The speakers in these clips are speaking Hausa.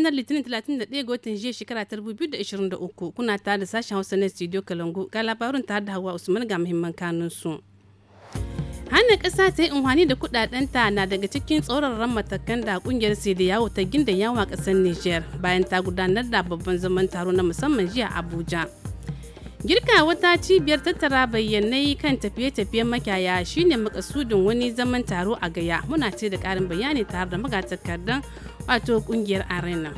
ranar litinin 31 ga watan jiya shekara ta 2023 kuna tare da sashen hausa na studio kalangu ga labarin tare da hawa usman ga muhimman kanun su hannun ƙasa ta yi unhwani da kudadenta na daga cikin tsoron matakan da kungiyar da yawo ta gindan yawa ƙasar niger bayan ta gudanar da babban zaman taro na musamman jiya abuja girka wata cibiyar tattara bayyanai kan tafiye-tafiyen makiyaya shine makasudin wani zaman taro a gaya muna ce da karin bayani tare da magatakardan wato kungiyar arena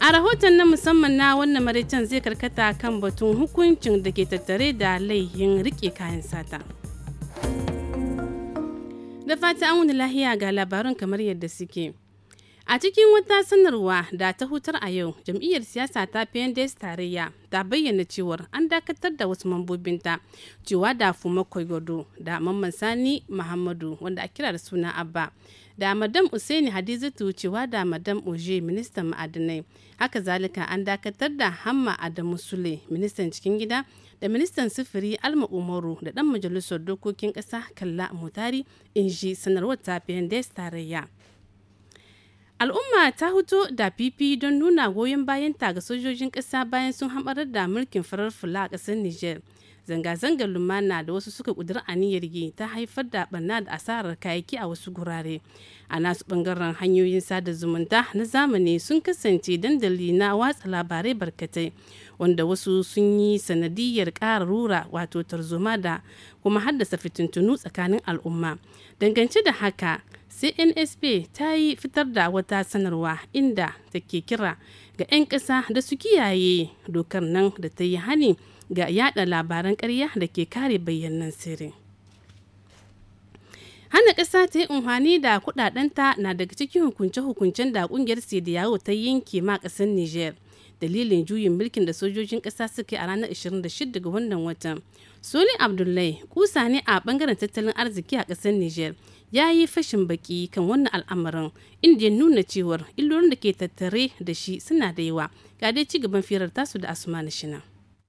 a rahoton na musamman na wannan maraicen zai karkata kan batun hukuncin da ke tattare da laihin rike kayan sata da fata an wani lahiya ga labarun kamar yadda suke A cikin wata sanarwa da ta hutar a yau, jam'iyyar siyasa ta PNDS tarayya ta bayyana cewar an dakatar da wasu mambobinta cewa da Fuma Koyodo da Mamman Sani Muhammadu wanda a kira da suna Abba. Da Madam Usaini Hadizatu cewa da Madam Oje ministan ma'adinai. Haka zalika an dakatar da Hamma Adamu Sule ministan cikin gida da ministan sufuri Alma Umaru da dan majalisar dokokin ƙasa Kalla Mutari in ji sanarwar ta PNDS tarayya. al'umma ta hutu da fifi don nuna goyon bayanta ga sojojin ƙasa bayan sun hamarar da mulkin farar fula a ƙasar Nijar. zanga-zangar lumana da wasu suka a aniyar yi ta haifar da barna da asarar kayaki a wasu gurare a nasu ɓangaren hanyoyin sada zumunta na zamani sun kasance dandali na watsa labarai barkatai wanda wasu sun yi sanadiyar ƙara rura wato tarzoma da kuma haddasa fitintunu tsakanin al'umma dangance da haka cnsp ta yi fitar da wata sanarwa inda take kira ga 'yan ƙasa da su kiyaye dokar nan da ta yi hani ga yada labaran ƙarya da ke kare bayyanan sirri hana ƙasa ta yi unhani da kudadenta na daga cikin hukunce-hukuncen da ƙungiyar yawo ta yanke ma ƙasar niger dalilin juyin mulkin da sojojin ƙasa suka yi a ranar 26 ga wannan watan. Soli Abdullahi kusa ne a bangaren tattalin arziki a ƙasar Nijar ya yi fashin baki kan wannan al'amarin inda ya nuna cewar illolin da ke tattare da shi suna da yawa. Ga dai ci gaban firar tasu da Asuma na Shina.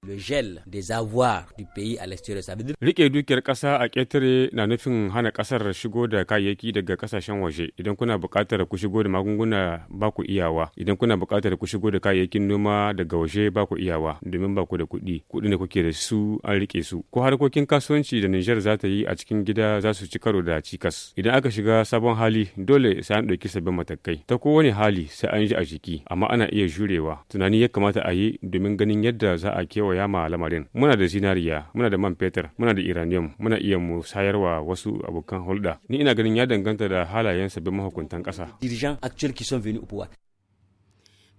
le gel des avoirs du pays à l'extérieur. Ça veut dire... Rike dukiyar ƙasa a ƙetare na nufin hana ƙasar shigo da kayayyaki daga kasashen waje. Idan kuna buƙatar ku shigo da magunguna ba ku iyawa. Idan kuna buƙatar ku shigo da kayayyakin noma daga waje ba ku iyawa domin ba ku da kuɗi. Kuɗin da kuke da su an rike su. Ko harkokin kasuwanci da Nijar za ta yi a cikin gida za su ci karo da cikas. Idan aka shiga sabon hali dole sai an ɗauki sabbin matakai. Ta kowane hali sai an ji a jiki amma ana iya jurewa. Tunani ya kamata a yi domin ganin yadda za a kewaye sauya lamarin muna da zinariya muna da man fetur muna da iranium muna iya mu sayarwa wasu abokan hulɗa ni ina ganin ya danganta da halayen sabbin mahukuntan ƙasa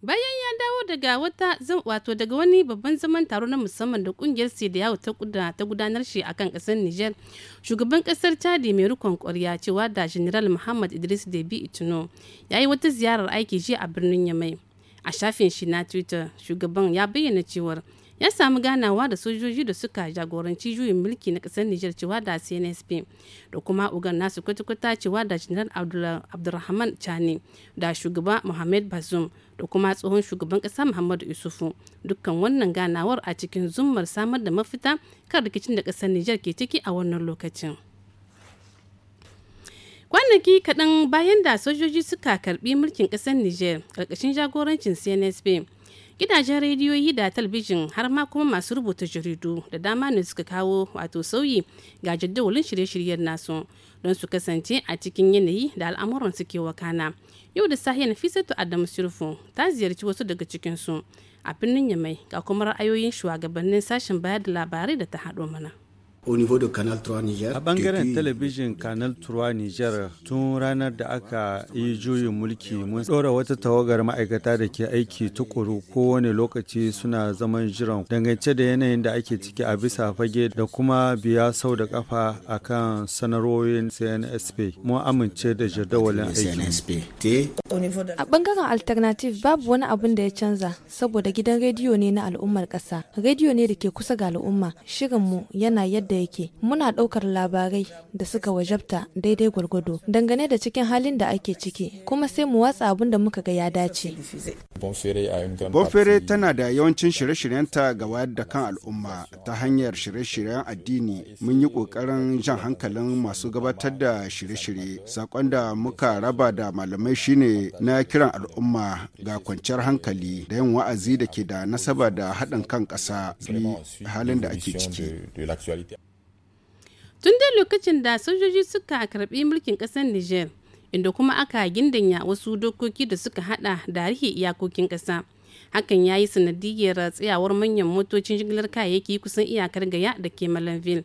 bayan ya dawo daga wata wato daga wani babban zaman taro na musamman da kungiyar sai da yawo ta gudanar shi a kan kasar niger shugaban kasar chadi mai rukon kwarya cewa da general muhammad idris debi itino ya yi wata ziyarar aiki jiya a birnin yamai a shafin shi na twitter shugaban ya bayyana cewar ya samu ganawa da sojoji da suka jagoranci juyin mulki na kasar Nijar cewa da CNSP da kuma ugan nasu kwata-kwata cewa da Janar Abdulrahman Chani da shugaba Mohamed Bazoum da kuma tsohon shugaban kasa Muhammadu Yusufu. dukkan wannan ganawar a cikin zummar samar da mafita kan rikicin da kasar Nijar ke ciki a wannan lokacin. kwanaki kaɗan bayan da sojoji suka karbi mulkin ƙasar niger ƙarƙashin jagorancin cnsp gidajen rediyoyi da talbijin har ma kuma masu rubuta jaridu da dama ne suka kawo wato sauyi ga jadawalin shirye-shiryen nasu don su kasance a cikin yanayi da al'amuran suke wakana yau da sahiya nafisatu adamu sirfu ta ziyarci wasu daga cikinsu a birnin yamai ga kuma ra'ayoyin shugabannin sashen bayar da labarai da ta haɗo mana A bangaren talabijin Canal 3 Niger tun ranar da aka yi juyin mulki mun ɗora wata tawagar ma'aikata da ke aiki tukuru kowane lokaci suna zaman jiran dangance da yanayin da ake ciki a bisa fage da kuma biya sau da kafa akan sanarwoyin CNSP. mu amince da jadawalin aiki. A bangaren alternative babu wani abin da ya canza saboda gidan rediyo ne na al'ummar ƙasa. Rediyo ne da ke kusa ga al'umma. Shirinmu yana yadda yake muna ɗaukar labarai da suka wajabta daidai gwargwado dangane da cikin halin da ake ciki kuma sai mu watsa abin da muka ga ya dace. Bonfere tana da yawancin shirye-shiryenta ga wayar da kan al'umma ta hanyar shirye-shiryen addini mun yi ƙoƙarin jan hankalin masu gabatar da shirye-shirye sakon da muka raba da malamai shine na kiran al'umma ga kwanciyar hankali da yin wa'azi da ke da nasaba da haɗin kan ƙasa halin da ake ciki. tun da lokacin da sojoji suka karbi mulkin kasar niger inda kuma aka gindanya wasu dokoki da suka hada da rike iyakokin kasa hakan ya yi sanadiyar tsayawar manyan motocin jigilar kayayyaki kusan iyakar gaya da ke malanville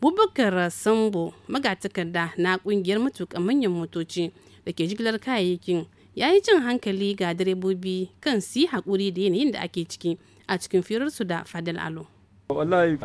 bubakar sambo magatakarda na kungiyar matukan manyan motoci da ke jigilar kayayyakin ya yi cin hankali ga direbobi kan su haƙuri da yanayin da ake ciki a cikin firarsu da fadal alo Wallahi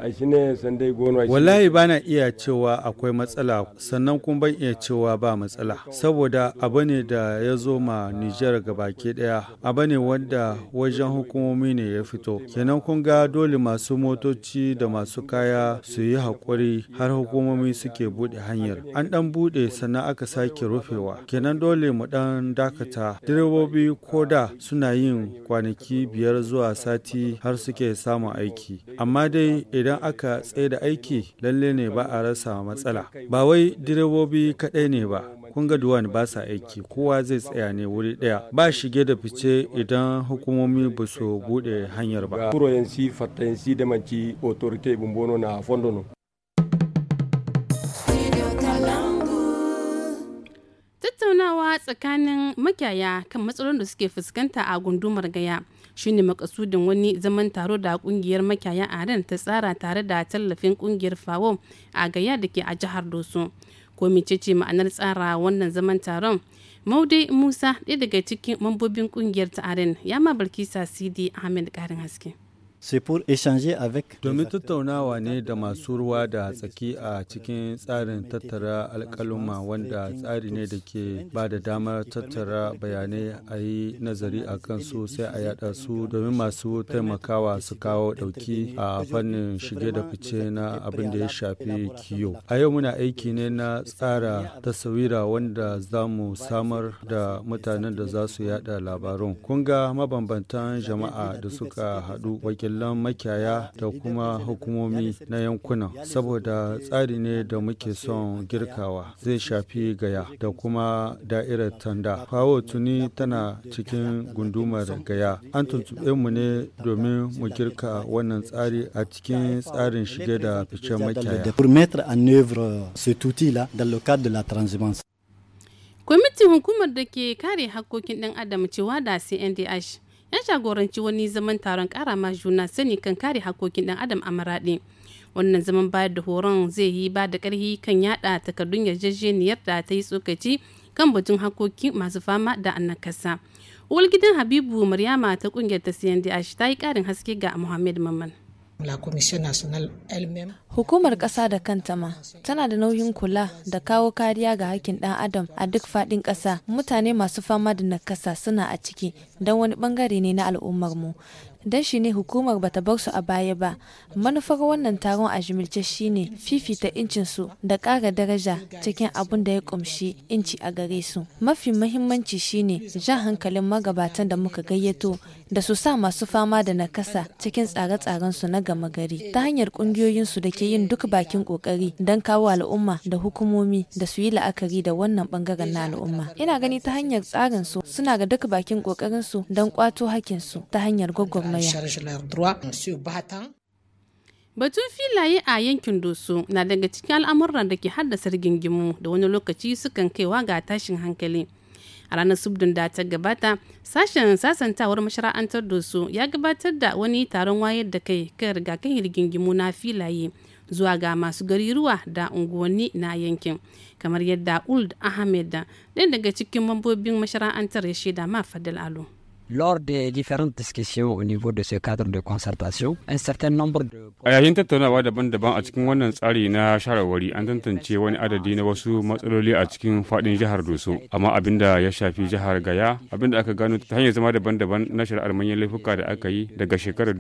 ba na iya cewa akwai matsala sannan kuma ban iya cewa ba matsala saboda abu ne da ya zo ma Nijar baki daya abu ne wanda wajen hukumomi ne ya fito kenan kun ga dole masu motoci da masu kaya su yi haƙuri har hukumomi suke bude hanyar an dan bude sannan aka sake rufewa kenan dole mu dan dakata direbobi ko da suna yin kwanaki biyar zuwa sati har suke samun aiki amma dai idan aka tsaye da aiki lalle ne ba a rasa matsala. Ba wai direbobi kaɗai ne ba, kun ga duwan ba sa aiki kowa zai tsaya ne wuri ɗaya ba shige da fice idan hukumomi ba su buɗe hanyar ba. tattaunawa tsakanin makiyaya kan matsalolin da suke fuskanta a gundumar gaya shine makasudin wani zaman taro da kungiyar makiyaya aren ta tsara tare da tallafin kungiyar fawo a gaya da ke a jihar doso ko ce ma'anar tsara wannan zaman taron maudai musa ɗaya daga cikin mambobin kungiyar ta aren ya ma barkisa sidi ahmed karin haske Domin tattaunawa ne da masu ruwa da tsaki a cikin tsarin tattara alkaluma wanda tsari ne da ke ba da damar tattara bayanai a yi nazari a kansu sai a yada su domin masu taimakawa su kawo dauki a fannin shige da fice na abin da ya shafi kiyo. A yau muna aiki ne na tsara tasawira wanda za mu samar da mutanen da za su yada labarun. Kun ga mabambantan jama'a da suka haɗu wakil dalilan makiyaya da kuma hukumomi na yankunan saboda tsari ne da muke son girkawa zai shafi gaya da kuma da'irar tanda. kawo tuni tana cikin gundumar gaya. An tuntuɓe mu ne domin mu girka wannan tsari a cikin tsarin shige da fice makiyaya. Kwamitin hukumar da ke kare hakkokin ɗan adam cewa da CNDH 'yan jagoranci wani zaman taron kara ma juna sani kan kare hakokin dan adam a maraɗi wannan zaman bayar da horon zai yi ba da ƙarfi kan yada takardun yarjejeniyar da ta yi tsokaci kan batun hakokin masu fama da annakasa uwar gidan habibu maryama ta ƙungiyar ta cndh ta yi ƙarin haske ga muhammad maman Hukumar ƙasa da kanta ma tana da nauyin kula da kawo kariya ga hakkin ɗan adam a duk faɗin ƙasa. Mutane masu fama da nakasa suna a ciki don wani bangare ne na al'ummarmu. Don shi ne hukumar bata bar su a baya ba. Manufar wannan taron a jimilce shine fifita incinsu da ƙara daraja cikin abun da ya ƙumshi inci a gare su. Mafi mahimmanci shine jan hankalin magabatan da muka gayyato da su sa masu fama da nakasa cikin tsare-tsarensu na gama gari ta hanyar ƙungiyoyinsu da ke yin duk bakin ƙoƙari don kawo al'umma da hukumomi da su yi la'akari da wannan bangaren na al'umma. Ina gani ta hanyar tsarin su suna ga duk bakin ƙoƙarinsu don ƙwato hakinsu ta hanyar gwagwarmaya. Batun filaye a yankin Doso na daga cikin al'amuran da ke haddasa rigingimu da wani lokaci sukan kaiwa ga tashin hankali. a ranar subdin da ta gabata sashen sasantawar mashara'antar doso ya gabatar da wani taron wayar da kai kan rigakafin rigingimu na filaye zuwa ga masu gariruwa da unguwanni na yankin kamar yadda uld ahmed ɗaya daga cikin mambobin mashara'antar ya shaida ma fadil alu Lors des différentes discussions au niveau de ce cadre de concertation, un certain nombre de... A yayin tattaunawa daban-daban a cikin wannan tsari na shawarwari an tantance wani adadi na wasu matsaloli a cikin faɗin jihar Doso, amma abin da ya shafi jihar Gaya, abin da aka gano ta hanyar zama daban-daban na shari'ar manyan laifuka da aka yi daga shekarar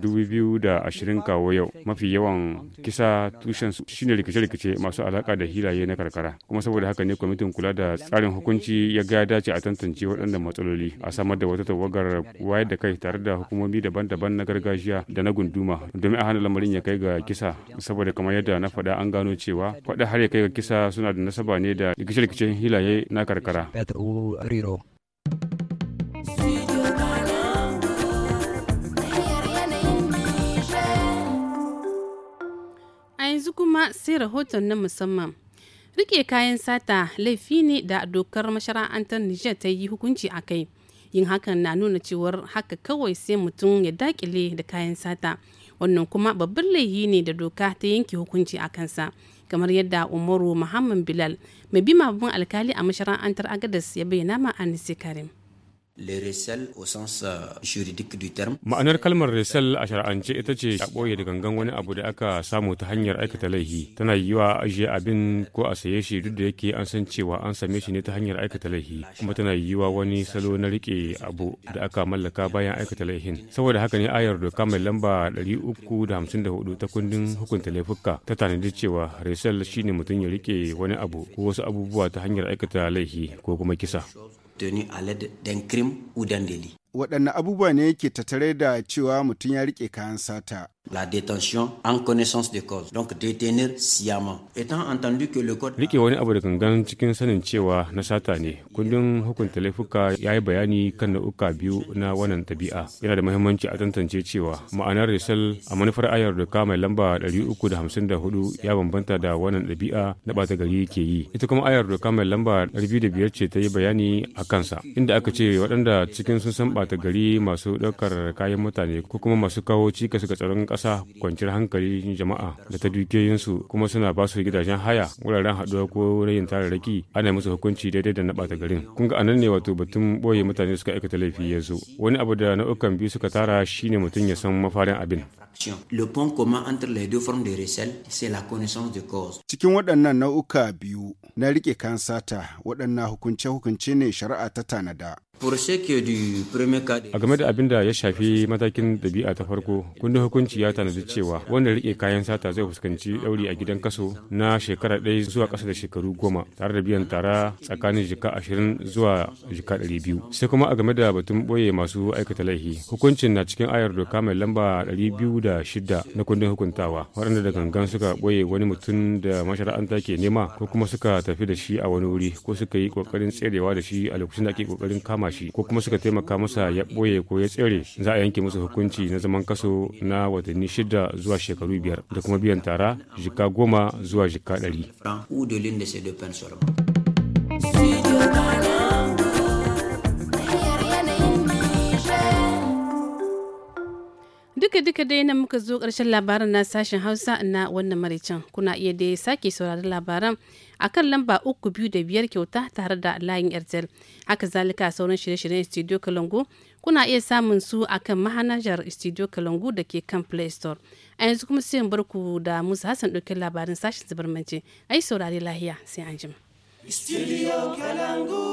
ashirin kawo yau. Mafi yawan kisa tushen shine rikice-rikice masu alaka da hilaye na karkara. Kuma saboda haka ne kwamitin kula da tsarin hukunci ya ga dace a tantance waɗannan matsaloli a samar da wata tawagar wayar da kai tare da hukumomi daban-daban na gargajiya da na gunduma domin a hana lamarin ya kai ga kisa saboda kamar yadda na faɗa an gano cewa faɗa har ya kai ga kisa suna da nasaba ne da rikice-rikicen hilaye na karkara. A yanzu kuma sai rahoton na musamman. Rike kayan sata laifi ne da dokar mashara'antar Nijar ta yi hukunci a kai. yin hakan na nuna cewar haka kawai sai mutum ya dakile da kayan sata wannan kuma babban laifi ne da doka ta yanke hukunci a kansa kamar yadda umaru muhammad bilal mai bi mabin alkali a mashara'antar agadas ya bayyana ma anise karim Euh, Ma'anar kalmar resel a shara'ance ita ce a ɓoye da gangan wani abu da aka samu ta hanyar aikata laihi. Tana yiwa a ajiye abin ko a saye shi duk da yake an san cewa an same shi ne ta hanyar aikata laihi. Kuma tana yiwa wani salo na riƙe abu da aka mallaka bayan aikata laihin. Saboda haka ne ayar doka mai lamba 354 ta kundin hukunta laifuka ta tanadi cewa resel shine mutum ya riƙe wani abu ko wasu abubuwa ta hanyar aikata laihi ko kuma kisa. tuni a l'aide krim udan deli. waɗanne abubuwa ne ke tattare da cewa mutum ya riƙe kayan sata la détention en connaissance de cause donc détenir sciemment étant entendu que le code rike wani abu da gangan cikin sanin cewa na sata ne kundin hukunta laifuka ya yi bayani kan nau'uka biyu na wannan tabi'a yana da muhimmanci a tantance cewa ma'anar risal a manufar ayar doka mai lamba 354 ya bambanta da wannan ɗabi'a na bata gari ke yi ita kuma ayar doka mai lamba 205 ce ta yi bayani a kansa inda aka ce waɗanda cikin sun san bata gari masu ɗaukar kayan mutane ko kuma masu kawo cikas ga tsaron ƙasa kwanciyar hankali jama'a da ta dukiyoyinsu kuma suna ba su gidajen haya wuraren haɗuwa ko rayin tararraki ana musu hukunci daidai da na ɓata garin kun ga anan ne wato batun ɓoye mutane suka aikata laifi ya zo wani abu da nau'ukan biyu suka tara shine mutum ya san mafarin abin Le point commun entre les deux formes de recel, c'est la connaissance de cause. Cikin waɗannan nau'uka biyu na rike kan sata waɗannan hukunce-hukunce ne shari'a ta tanada. A game da abin da ya shafi matakin dabi'a ta farko, kundin hukunci ya tanadi cewa wanda rike kayan sata zai fuskanci dauri a gidan kaso na shekara ɗaya zuwa ƙasa da shekaru goma tare da biyan tara tsakanin jika ashirin zuwa jika ɗari biyu sai kuma a game da batun ɓoye masu aikata laifi hukuncin na cikin ayar doka mai lamba ɗari biyu da shida na kundin hukuntawa waɗanda da gangan suka ɓoye wani mutum da mashara'anta ke nema ko kuma suka tafi da shi a wani wuri ko suka yi ƙoƙarin tserewa da shi a lokacin da ake ƙoƙarin kama shi ko kuma suka taimaka masa ya ɓoye ko ya tsere za a yanke musu hukunci na zaman kaso na wata watanni shida zuwa shekaru biyar da kuma biyan tara jika goma zuwa jika ɗari. duka-duka dai nan muka zo ƙarshen labaran na sashen hausa na wannan maricin kuna iya dai sake sauraron labaran a kan lamba uku biyu da biyar kyauta tare da layin airtel haka zalika sauran shirye-shiryen studio kalangu kuna iya samun su a kan mahanajar studio kalangu da ke kan play store a yanzu kuma sai bar ku da musa hassan ɗauki labarin sashen zubarmanci yi saurari lahiya sai an jima. Studio Kalangu.